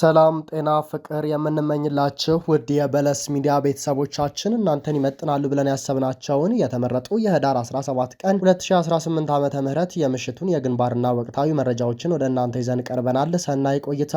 ሰላም ጤና ፍቅር የምንመኝላችሁ ውድ የበለስ ሚዲያ ቤተሰቦቻችን እናንተን ይመጥናሉ ብለን ያሰብናቸውን የተመረጡ የህዳር 17 ቀን 2018 ዓ ም የምሽቱን የግንባርና ወቅታዊ መረጃዎችን ወደ እናንተ ይዘን ቀርበናል። ሰናይ ቆይታ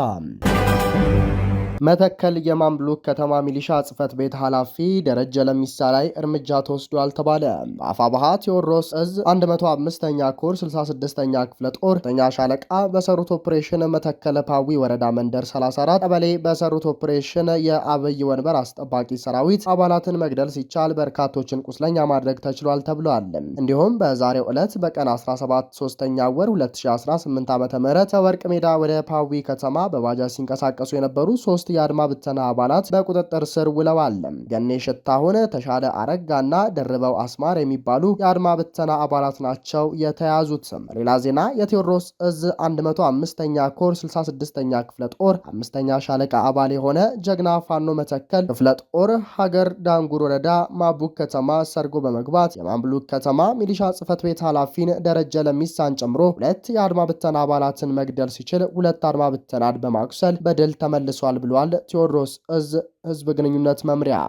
መተከል የማን ከተማ ሚሊሻ ጽህፈት ቤት ኃላፊ ደረጀ ለሚሳ ላይ እርምጃ ተወስዷል ተባለ። አፋባሃ ቴዎድሮስ እዝ 105ኛ ኮር 66ኛ ክፍለ ጦር ተኛ ሻለቃ በሰሩት ኦፕሬሽን መተከል ፓዊ ወረዳ መንደር 34 ቀበሌ በሰሩት ኦፕሬሽን የአብይ ወንበር አስጠባቂ ሰራዊት አባላትን መግደል ሲቻል በርካቶችን ቁስለኛ ማድረግ ተችሏል ተብሏል። እንዲሁም በዛሬው ዕለት በቀን 17 ሶስተኛ ወር 2018 ዓ ም ከወርቅ ሜዳ ወደ ፓዊ ከተማ በባጃጅ ሲንቀሳቀሱ የነበሩ ሶስት የአድማ ብተና አባላት በቁጥጥር ስር ውለዋል። ገኔ ሽታሁን፣ ተሻለ አረጋና ደርበው አስማር የሚባሉ የአድማ ብተና አባላት ናቸው የተያዙት። ሌላ ዜና የቴዎድሮስ እዝ 105ኛ ኮር 66ኛ ክፍለ ጦር አምስተኛ ሻለቃ አባል የሆነ ጀግና ፋኖ መተከል ክፍለ ጦር ሀገር ዳንጉር ወረዳ ማቡክ ከተማ ሰርጎ በመግባት የማምብሉክ ከተማ ሚሊሻ ጽህፈት ቤት ኃላፊን ደረጀ ለሚሳን ጨምሮ ሁለት የአድማ ብተና አባላትን መግደል ሲችል ሁለት አድማ ብተናን በማቁሰል በድል ተመልሷል ብሏል። ብለዋል ቴዎድሮስ እዝ ህዝብ ግንኙነት መምሪያ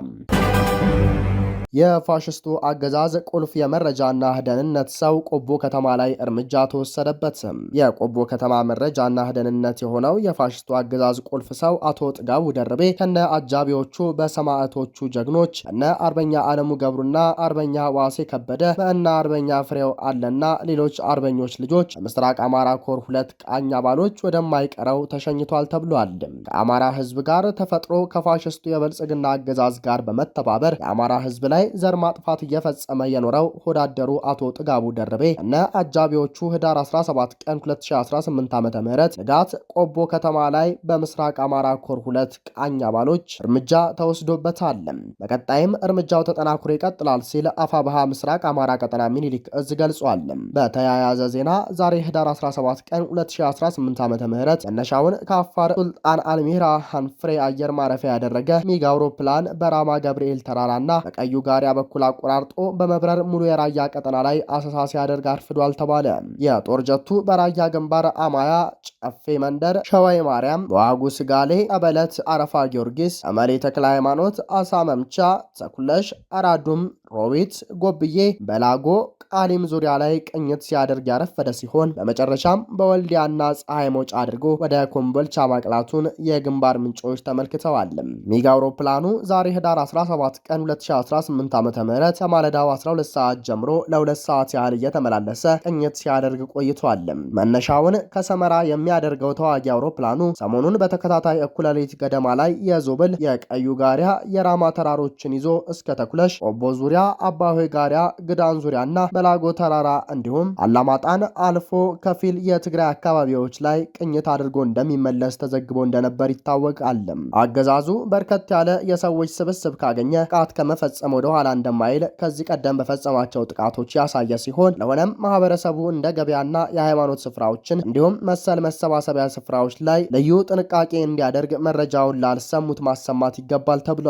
የፋሽስቱ አገዛዝ ቁልፍ የመረጃና ደህንነት ሰው ቆቦ ከተማ ላይ እርምጃ ተወሰደበት። የቆቦ ከተማ መረጃና ደህንነት የሆነው የፋሽስቱ አገዛዝ ቁልፍ ሰው አቶ ጥጋቡ ደርቤ ከነ አጃቢዎቹ በሰማዕቶቹ ጀግኖች እነ አርበኛ አለሙ ገብሩና አርበኛ ዋሴ ከበደ እና አርበኛ ፍሬው አለና ሌሎች አርበኞች ልጆች ምስራቅ አማራ ኮር ሁለት ቃኝ አባሎች ወደማይቀረው ተሸኝቷል ተብሏል። ከአማራ ህዝብ ጋር ተፈጥሮ ከፋሽስቱ የብልጽግና አገዛዝ ጋር በመተባበር የአማራ ህዝብ ላይ ላይ ዘር ማጥፋት እየፈጸመ የኖረው ሆዳደሩ አቶ ጥጋቡ ደርቤ እነ አጃቢዎቹ ህዳር 17 ቀን 2018 ዓ ም ንጋት ቆቦ ከተማ ላይ በምስራቅ አማራ ኮር ሁለት ቃኝ አባሎች እርምጃ ተወስዶበታል። በቀጣይም እርምጃው ተጠናክሮ ይቀጥላል ሲል አፋብሃ ምስራቅ አማራ ቀጠና ሚኒሊክ እዝ ገልጿል። በተያያዘ ዜና ዛሬ ህዳር 17 ቀን 2018 ዓ ም መነሻውን ከአፋር ሱልጣን አልሚራ ሃንፍሬ አየር ማረፊያ ያደረገ ሚግ አውሮፕላን በራማ ገብርኤል ተራራና በቀዩ በመጋሪያ በኩል አቆራርጦ በመብረር ሙሉ የራያ ቀጠና ላይ አሰሳ ሲያደርግ አርፍዷል ተባለ። የጦር ጀቱ በራያ ግንባር አማያ ጨፌ መንደር፣ ሸዋይ ማርያም፣ በዋጉ ስጋሌ፣ ቀበለት፣ አረፋ ጊዮርጊስ፣ አመሌ ተክለ ሃይማኖት፣ አሳ መምቻ፣ ተኩለሽ፣ አራዱም ሮቢት ጎብዬ፣ በላጎ ቃሊም ዙሪያ ላይ ቅኝት ሲያደርግ ያረፈደ ሲሆን በመጨረሻም በወልዲያና ፀሐይ መውጫ አድርጎ ወደ ኮምቦልቻ ማቅላቱን የግንባር ምንጮች ተመልክተዋል። ሚግ አውሮፕላኑ ዛሬ ህዳር 17 ቀን 2018 ዓ ም ከማለዳው 12 ሰዓት ጀምሮ ለሁለት ሰዓት ያህል እየተመላለሰ ቅኝት ሲያደርግ ቆይቷል። መነሻውን ከሰመራ የሚያደርገው ተዋጊ አውሮፕላኑ ሰሞኑን በተከታታይ እኩለ ሌሊት ገደማ ላይ የዞብል የቀዩ ጋሪያ የራማ ተራሮችን ይዞ እስከ ተኩለሽ ቆቦ ዙሪያ ዙሪያ፣ አባ ጋሪያ፣ ግዳን ዙሪያና በላጎ ተራራ እንዲሁም አላማጣን አልፎ ከፊል የትግራይ አካባቢዎች ላይ ቅኝት አድርጎ እንደሚመለስ ተዘግቦ እንደነበር ይታወቃል። አገዛዙ በርከት ያለ የሰዎች ስብስብ ካገኘ ጥቃት ከመፈጸም ወደ ኋላ እንደማይል ከዚህ ቀደም በፈጸማቸው ጥቃቶች ያሳየ ሲሆን ለሆነም ማህበረሰቡ እንደ ገበያና የሃይማኖት ስፍራዎችን እንዲሁም መሰል መሰባሰቢያ ስፍራዎች ላይ ልዩ ጥንቃቄ እንዲያደርግ መረጃውን ላልሰሙት ማሰማት ይገባል ተብሏል።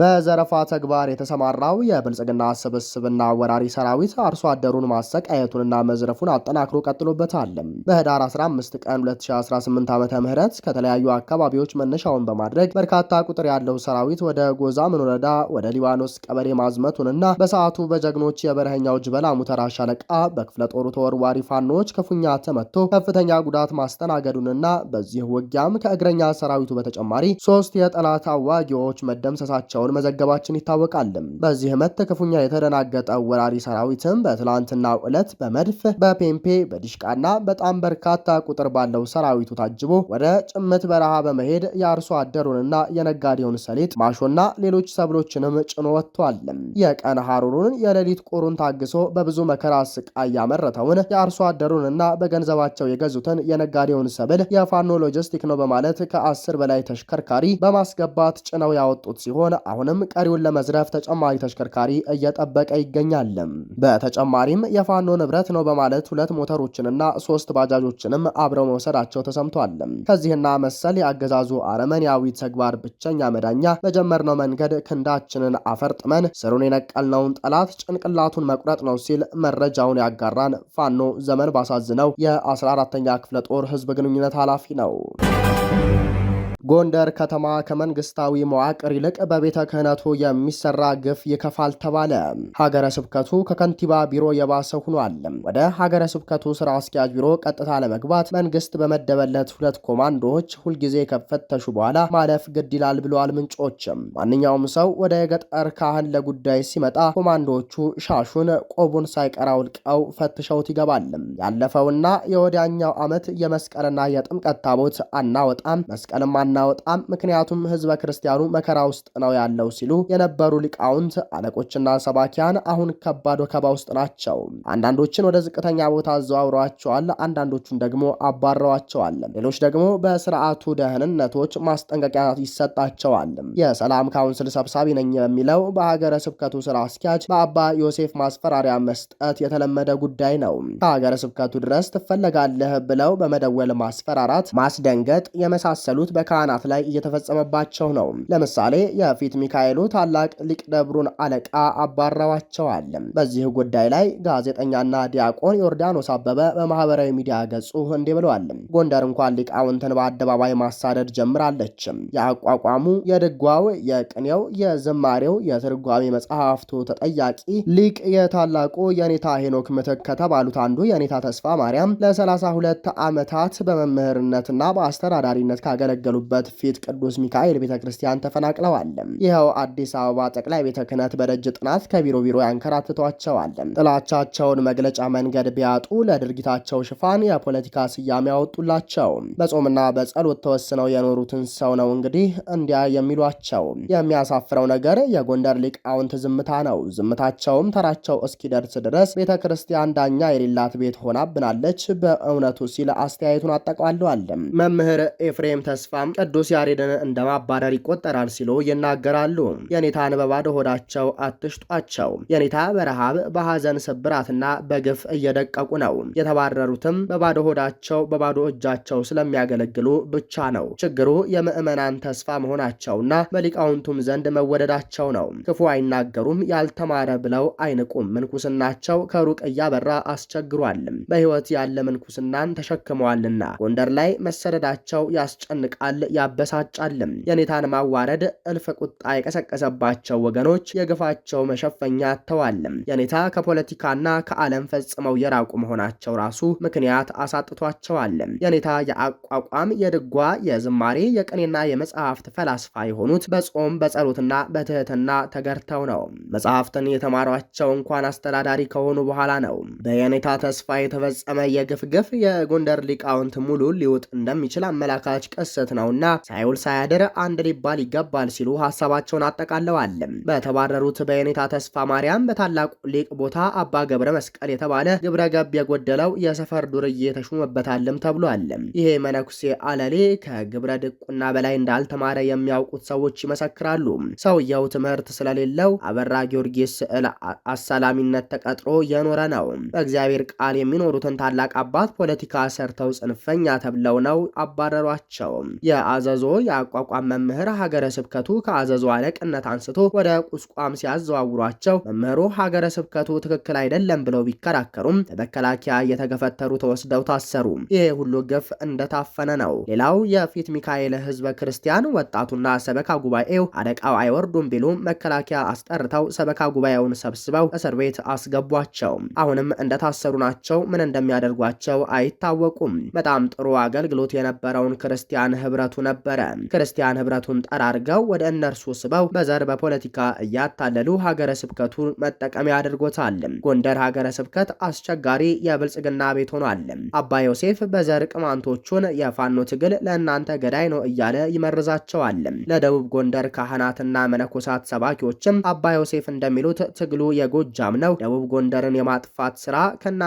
በዘረፋ ተግባር የተሰማራው የብል የብልጽግና ስብስብና ወራሪ ሰራዊት አርሶ አደሩን ማሰቃየቱንና መዝረፉን አጠናክሮ ቀጥሎበታል። በህዳር 15 ቀን 2018 ዓ ም ከተለያዩ አካባቢዎች መነሻውን በማድረግ በርካታ ቁጥር ያለው ሰራዊት ወደ ጎዛ ወረዳ ወደ ሊባኖስ ቀበሌ ማዝመቱንና በሰዓቱ በጀግኖች የበረኸኛው ጅበላ ሙተራ ሻለቃ በክፍለ ጦሩ ተወርዋሪ ፋኖዎች ክፉኛ ተመቶ ከፍተኛ ጉዳት ማስተናገዱንና በዚህ ውጊያም ከእግረኛ ሰራዊቱ በተጨማሪ ሶስት የጠላት አዋጊዎች መደምሰሳቸውን መዘገባችን ይታወቃል። በዚህ መት ክፉኛ የተደናገጠው ወራሪ ሰራዊትም በትላንትናው ዕለት በመድፍ በፔምፔ በዲሽቃና በጣም በርካታ ቁጥር ባለው ሰራዊቱ ታጅቦ ወደ ጭምት በረሃ በመሄድ የአርሶ አደሩንና የነጋዴውን ሰሊጥ ማሾና ሌሎች ሰብሎችንም ጭኖ ወጥቷል። የቀን ሐሩሩን የሌሊት ቁሩን ታግሶ በብዙ መከራ ስቃይ ያመረተውን የአርሶ አደሩንና በገንዘባቸው የገዙትን የነጋዴውን ሰብል የፋኖ ሎጂስቲክ ነው በማለት ከአስር በላይ ተሽከርካሪ በማስገባት ጭነው ያወጡት ሲሆን አሁንም ቀሪውን ለመዝረፍ ተጨማሪ ተሽከርካሪ እየጠበቀ ይገኛል። በተጨማሪም የፋኖ ንብረት ነው በማለት ሁለት ሞተሮችንና ሶስት ባጃጆችንም አብረው መውሰዳቸው ተሰምቷል። ከዚህና መሰል የአገዛዙ አረመኔያዊ ተግባር ብቸኛ መዳኛ በጀመርነው መንገድ ክንዳችንን አፈርጥመን ስሩን የነቀልነውን ጠላት ጭንቅላቱን መቁረጥ ነው ሲል መረጃውን ያጋራን ፋኖ ዘመን ባሳዝነው የ 14 ተኛ ክፍለ ጦር ህዝብ ግንኙነት ኃላፊ ነው። ጎንደር ከተማ ከመንግስታዊ መዋቅር ይልቅ በቤተ ክህነቱ የሚሰራ ግፍ ይከፋል ተባለ። ሀገረ ስብከቱ ከከንቲባ ቢሮ የባሰ ሆኗል። ወደ ሀገረ ስብከቱ ስራ አስኪያጅ ቢሮ ቀጥታ ለመግባት መንግስት በመደበለት ሁለት ኮማንዶዎች ሁልጊዜ ከፈተሹ በኋላ ማለፍ ግድ ይላል ብለዋል ምንጮችም። ማንኛውም ሰው ወደ የገጠር ካህን ለጉዳይ ሲመጣ ኮማንዶዎቹ ሻሹን ቆቡን ሳይቀር አውልቀው ፈትሸውት ይገባል። ያለፈውና የወዲያኛው ዓመት የመስቀልና የጥምቀት ታቦት አናወጣም መስቀልም አናወጣም፣ ምክንያቱም ህዝበ ክርስቲያኑ መከራ ውስጥ ነው ያለው ሲሉ የነበሩ ሊቃውንት አለቆችና ሰባኪያን አሁን ከባድ ወከባ ውስጥ ናቸው። አንዳንዶችን ወደ ዝቅተኛ ቦታ አዘዋውረዋቸዋል፣ አንዳንዶቹን ደግሞ አባረዋቸዋል። ሌሎች ደግሞ በስርዓቱ ደህንነቶች ማስጠንቀቂያ ይሰጣቸዋል። የሰላም ካውንስል ሰብሳቢ ነኝ የሚለው በሀገረ ስብከቱ ስራ አስኪያጅ በአባ ዮሴፍ ማስፈራሪያ መስጠት የተለመደ ጉዳይ ነው። ከሀገረ ስብከቱ ድረስ ትፈለጋለህ ብለው በመደወል ማስፈራራት፣ ማስደንገጥ የመሳሰሉት በካ ካህናት ላይ እየተፈጸመባቸው ነው። ለምሳሌ የፊት ሚካኤሉ ታላቅ ሊቅ ደብሩን አለቃ አባረዋቸዋል። በዚህ ጉዳይ ላይ ጋዜጠኛና ዲያቆን ዮርዳኖስ አበበ በማህበራዊ ሚዲያ ገጹ እንዲህ ብለዋል። ጎንደር እንኳን ሊቃውንትን በአደባባይ ማሳደድ ጀምራለች። የአቋቋሙ፣ የድጓው፣ የቅኔው፣ የዝማሬው፣ የትርጓሜ መጽሐፍቱ ተጠያቂ ሊቅ የታላቁ የኔታ ሄኖክ ምትክ ከተባሉት አንዱ የኔታ ተስፋ ማርያም ለ32 ዓመታት በመምህርነትና በአስተዳዳሪነት ካገለገሉ ከነበሩበት ፊት ቅዱስ ሚካኤል ቤተ ክርስቲያን ተፈናቅለዋል። ይኸው አዲስ አበባ ጠቅላይ ቤተ ክህነት በደጅ ጥናት ከቢሮ ቢሮ ያንከራትቷቸዋል። ጥላቻቸውን መግለጫ መንገድ ቢያጡ ለድርጊታቸው ሽፋን የፖለቲካ ስያሜ ያወጡላቸው። በጾምና በጸሎት ተወስነው የኖሩትን ሰው ነው እንግዲህ እንዲያ የሚሏቸው። የሚያሳፍረው ነገር የጎንደር ሊቃውንት ዝምታ ነው። ዝምታቸውም ተራቸው እስኪደርስ ድረስ ቤተ ክርስቲያን ዳኛ የሌላት ቤት ሆናብናለች በእውነቱ ሲል አስተያየቱን አጠቃለዋል። መምህር ኤፍሬም ተስፋም ቅዱስ ያሬድን እንደማባረር ይቆጠራል ሲሉ ይናገራሉ። የኔታ ንበባ ደሆዳቸው አትሽጧቸው። የኔታ በረሃብ በሐዘን ስብራትና በግፍ እየደቀቁ ነው። የተባረሩትም በባዶ ሆዳቸው በባዶ እጃቸው ስለሚያገለግሉ ብቻ ነው። ችግሩ የምዕመናን ተስፋ መሆናቸውና በሊቃውንቱም ዘንድ መወደዳቸው ነው። ክፉ አይናገሩም፣ ያልተማረ ብለው አይንቁም። ምንኩስናቸው ከሩቅ እያበራ አስቸግሯልም። በሕይወት ያለ ምንኩስናን ተሸክመዋልና ጎንደር ላይ መሰደዳቸው ያስጨንቃል ያበሳጫልም። የኔታን ማዋረድ እልፍ ቁጣ የቀሰቀሰባቸው ወገኖች የግፋቸው መሸፈኛ አጥተዋልም። የኔታ ከፖለቲካና ከዓለም ፈጽመው የራቁ መሆናቸው ራሱ ምክንያት አሳጥቷቸዋልም። የኔታ የአቋቋም የድጓ የዝማሬ የቅኔና የመጽሐፍት ፈላስፋ የሆኑት በጾም በጸሎትና በትህትና ተገርተው ነው። መጽሐፍትን የተማሯቸው እንኳን አስተዳዳሪ ከሆኑ በኋላ ነው። በየኔታ ተስፋ የተፈጸመ የግፍ ግፍ የጎንደር ሊቃውንት ሙሉ ሊውጥ እንደሚችል አመላካች ቅስት ነው ያለውና ሳይውል ሳያድር አንድ ሊባል ይገባል ሲሉ ሀሳባቸውን አጠቃለዋል። በተባረሩት በየኔታ ተስፋ ማርያም በታላቁ ሊቅ ቦታ አባ ገብረ መስቀል የተባለ ግብረ ገብ የጎደለው የሰፈር ዱርዬ ተሾመበታልም ተብሏል። ይሄ መነኩሴ አለሌ ከግብረ ድቁና በላይ እንዳልተማረ የሚያውቁት ሰዎች ይመሰክራሉ። ሰውየው ትምህርት ስለሌለው አበራ ጊዮርጊስ ስዕል አሳላሚነት ተቀጥሮ የኖረ ነው። በእግዚአብሔር ቃል የሚኖሩትን ታላቅ አባት ፖለቲካ ሰርተው ጽንፈኛ ተብለው ነው አባረሯቸው። የአዘዞ የአቋቋም መምህር ሀገረ ስብከቱ ከአዘዞ አለቅነት አንስቶ ወደ ቁስቋም ሲያዘዋውሯቸው መምህሩ ሀገረ ስብከቱ ትክክል አይደለም ብለው ቢከራከሩም በመከላከያ እየተገፈተሩ ተወስደው ታሰሩ። ይሄ ሁሉ ግፍ እንደታፈነ ነው። ሌላው የፊት ሚካኤል ህዝበ ክርስቲያን ወጣቱና ሰበካ ጉባኤው አለቃው አይወርዱም ቢሉ መከላከያ አስጠርተው ሰበካ ጉባኤውን ሰብስበው እስር ቤት አስገቧቸው። አሁንም እንደታሰሩ ናቸው። ምን እንደሚያደርጓቸው አይታወቁም። በጣም ጥሩ አገልግሎት የነበረውን ክርስቲያን ህብረቱ መምራቱ ነበረ። ክርስቲያን ህብረቱን ጠራርገው ወደ እነርሱ ስበው በዘር በፖለቲካ እያታለሉ ሀገረ ስብከቱን መጠቀሚያ አድርጎታል። ጎንደር ሀገረ ስብከት አስቸጋሪ የብልጽግና ቤት ሆኗል። አባ ዮሴፍ በዘር ቅማንቶቹን የፋኖ ትግል ለእናንተ ገዳይ ነው እያለ ይመርዛቸዋል። ለደቡብ ጎንደር ካህናትና መነኮሳት ሰባኪዎችም አባ ዮሴፍ እንደሚሉት ትግሉ የጎጃም ነው፣ ደቡብ ጎንደርን የማጥፋት ስራ ከነ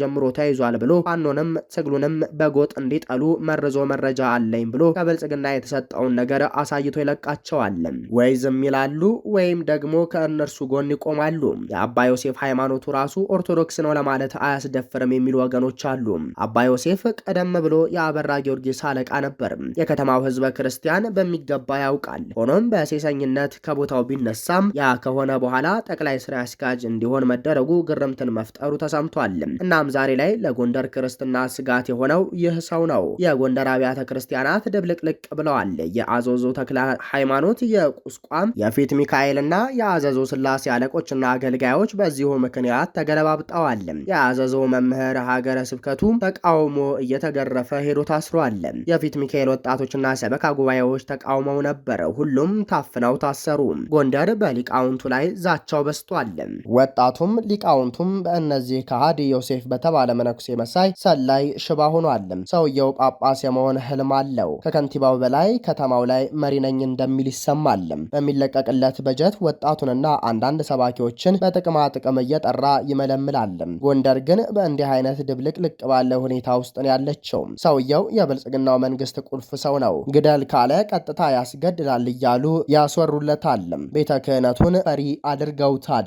ጀምሮ ተይዟል ብሎ ፋኖንም ትግሉንም በጎጥ እንዲጠሉ መርዞ መረጃ አለኝ ብሎ ከብልጽግና የተሰጠውን ነገር አሳይቶ ይለቃቸዋል። ወይ ዝም ይላሉ ወይም ደግሞ ከእነርሱ ጎን ይቆማሉ። የአባ ዮሴፍ ሃይማኖቱ ራሱ ኦርቶዶክስ ነው ለማለት አያስደፍርም የሚሉ ወገኖች አሉ። አባ ዮሴፍ ቀደም ብሎ የአበራ ጊዮርጊስ አለቃ ነበር። የከተማው ህዝበ ክርስቲያን በሚገባ ያውቃል። ሆኖም በሴሰኝነት ከቦታው ቢነሳም ያ ከሆነ በኋላ ጠቅላይ ስራ አስኪያጅ እንዲሆን መደረጉ ግርምትን መፍጠሩ ተሰምቷል። እናም ዛሬ ላይ ለጎንደር ክርስትና ስጋት የሆነው ይህ ሰው ነው። የጎንደር አብያተ ክርስቲያናት ድብልቅልቅ ብለዋል። የአዘዞ ተክለ ሃይማኖት፣ የቁስቋም፣ የፊት ሚካኤልና የአዘዞ ስላሴ አለቆችና አገልጋዮች በዚሁ ምክንያት ተገለባብጠዋል። የአዘዞ መምህር ሀገረ ስብከቱ ተቃውሞ እየተገረፈ ሄዶ ታስሯል። የፊት ሚካኤል ወጣቶችና ሰበካ ጉባኤዎች ተቃውመው ነበር። ሁሉም ታፍነው ታሰሩ። ጎንደር በሊቃውንቱ ላይ ዛቻው በስቷል። ወጣቱም ሊቃውንቱም በእነዚህ ከሃዲ ዮሴፍ በተባለ መነኩሴ መሳይ ሰላይ ሽባ ሆኗል። ሰውየው ጳጳስ የመሆን ህልም አለው። ከከንቲባው በላይ ከተማው ላይ መሪ ነኝ እንደሚል ይሰማል። በሚለቀቅለት በጀት ወጣቱንና አንዳንድ ሰባኪዎችን በጥቅማ ጥቅም እየጠራ ይመለምላል። ጎንደር ግን በእንዲህ አይነት ድብልቅ ልቅ ባለ ሁኔታ ውስጥ ነው ያለችው። ሰውየው የብልጽግናው መንግስት ቁልፍ ሰው ነው። ግደል ካለ ቀጥታ ያስገድላል እያሉ ያስወሩለታል። ቤተ ክህነቱን ፈሪ አድርገውታል።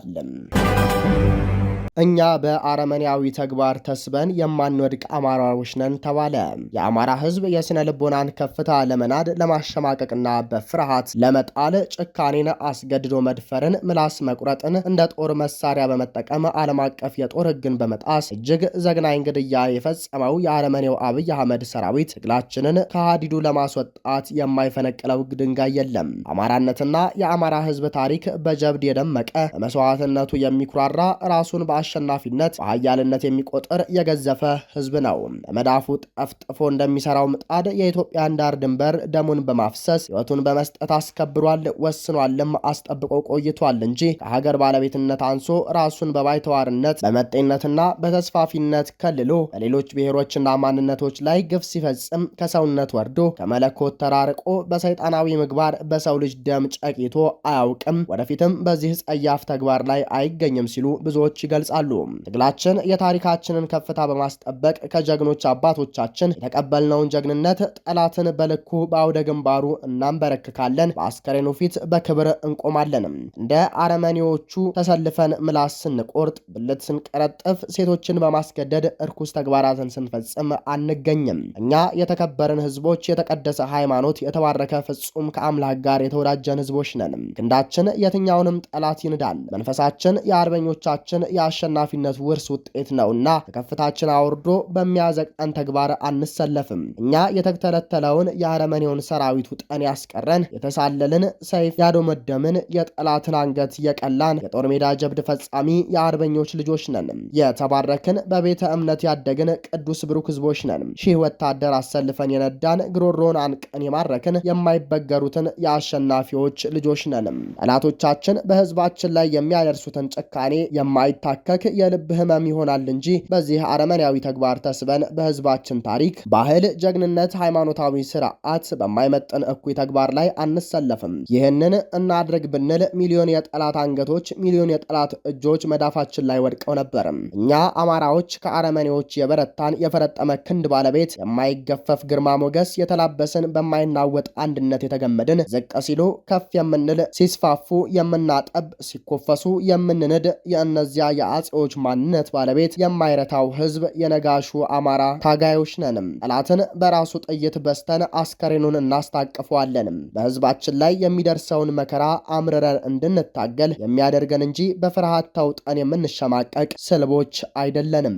እኛ በአረመኔያዊ ተግባር ተስበን የማንወድቅ አማራዎች ነን ተባለ። የአማራ ህዝብ የስነ ልቦናን ከፍታ ለመናድ ለማሸማቀቅና በፍርሃት ለመጣል ጭካኔን አስገድዶ መድፈርን፣ ምላስ መቁረጥን እንደ ጦር መሳሪያ በመጠቀም ዓለም አቀፍ የጦር ህግን በመጣስ እጅግ ዘግናኝ ግድያ የፈጸመው የአረመኔው አብይ አህመድ ሰራዊት ትግላችንን ከሀዲዱ ለማስወጣት የማይፈነቅለው ድንጋይ የለም። አማራነትና የአማራ ህዝብ ታሪክ በጀብድ የደመቀ በመስዋዕትነቱ የሚኩራራ ራሱን በ አሸናፊነት በሀያልነት የሚቆጥር የገዘፈ ህዝብ ነው። በመዳፉ ጠፍጥፎ እንደሚሰራው ምጣድ የኢትዮጵያን ዳር ድንበር ደሙን በማፍሰስ ህይወቱን በመስጠት አስከብሯል፣ ወስኗልም፣ አስጠብቆ ቆይቷል እንጂ ከሀገር ባለቤትነት አንሶ ራሱን በባይተዋርነት በመጤነትና በተስፋፊነት ከልሎ በሌሎች ብሔሮችና ማንነቶች ላይ ግፍ ሲፈጽም ከሰውነት ወርዶ ከመለኮት ተራርቆ በሰይጣናዊ ምግባር በሰው ልጅ ደም ጨቂቶ አያውቅም፣ ወደፊትም በዚህ ጸያፍ ተግባር ላይ አይገኝም ሲሉ ብዙዎች ይገልጻሉ። ይገልጻሉ። ትግላችን የታሪካችንን ከፍታ በማስጠበቅ ከጀግኖች አባቶቻችን የተቀበልነውን ጀግንነት ጠላትን በልኩ በአውደ ግንባሩ እናንበረክካለን፣ በአስከሬኑ ፊት በክብር እንቆማለን። እንደ አረመኔዎቹ ተሰልፈን ምላስ ስንቆርጥ፣ ብልት ስንቀረጥፍ፣ ሴቶችን በማስገደድ እርኩስ ተግባራትን ስንፈጽም አንገኝም። እኛ የተከበርን ህዝቦች፣ የተቀደሰ ሃይማኖት፣ የተባረከ ፍጹም ከአምላክ ጋር የተወዳጀን ህዝቦች ነን። ክንዳችን የትኛውንም ጠላት ይንዳል። መንፈሳችን የአርበኞቻችን የአሸ የአሸናፊነት ውርስ ውጤት ነውና ከከፍታችን አውርዶ በሚያዘቅጠን ተግባር አንሰለፍም። እኛ የተተለተለውን የአረመኔውን ሰራዊት ውጠን ያስቀረን፣ የተሳለልን ሰይፍ ያዶመደምን፣ የጠላትን አንገት የቀላን፣ የጦር ሜዳ ጀብድ ፈጻሚ የአርበኞች ልጆች ነን። የተባረክን በቤተ እምነት ያደግን ቅዱስ ብሩክ ህዝቦች ነን። ሺህ ወታደር አሰልፈን የነዳን፣ ግሮሮን አንቀን የማረክን፣ የማይበገሩትን የአሸናፊዎች ልጆች ነንም። ጠላቶቻችን በህዝባችን ላይ የሚያደርሱትን ጭካኔ የማይታከል ማንበርከክ የልብ ህመም ይሆናል እንጂ በዚህ አረመኔያዊ ተግባር ተስበን በህዝባችን ታሪክ፣ ባህል፣ ጀግንነት፣ ሃይማኖታዊ ስርዓት በማይመጥን እኩይ ተግባር ላይ አንሰለፍም። ይህንን እናድርግ ብንል ሚሊዮን የጠላት አንገቶች፣ ሚሊዮን የጠላት እጆች መዳፋችን ላይ ወድቀው ነበርም። እኛ አማራዎች ከአረመኔዎች የበረታን የፈረጠመ ክንድ ባለቤት፣ የማይገፈፍ ግርማ ሞገስ የተላበስን፣ በማይናወጥ አንድነት የተገመድን፣ ዝቅ ሲሉ ከፍ የምንል፣ ሲስፋፉ የምናጠብ፣ ሲኮፈሱ የምንንድ የእነዚያ የአ የአጼዎች ማንነት ባለቤት የማይረታው ህዝብ የነጋሹ አማራ ታጋዮች ነንም። ጠላትን በራሱ ጥይት በስተን አስከሬኑን እናስታቅፈዋለንም። በህዝባችን ላይ የሚደርሰውን መከራ አምርረን እንድንታገል የሚያደርገን እንጂ በፍርሃት ተውጠን የምንሸማቀቅ ስልቦች አይደለንም።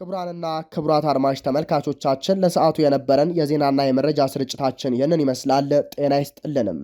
ክቡራንና ክቡራት አድማጭ ተመልካቾቻችን ለሰዓቱ የነበረን የዜናና የመረጃ ስርጭታችን ይህንን ይመስላል። ጤና ይስጥልንም።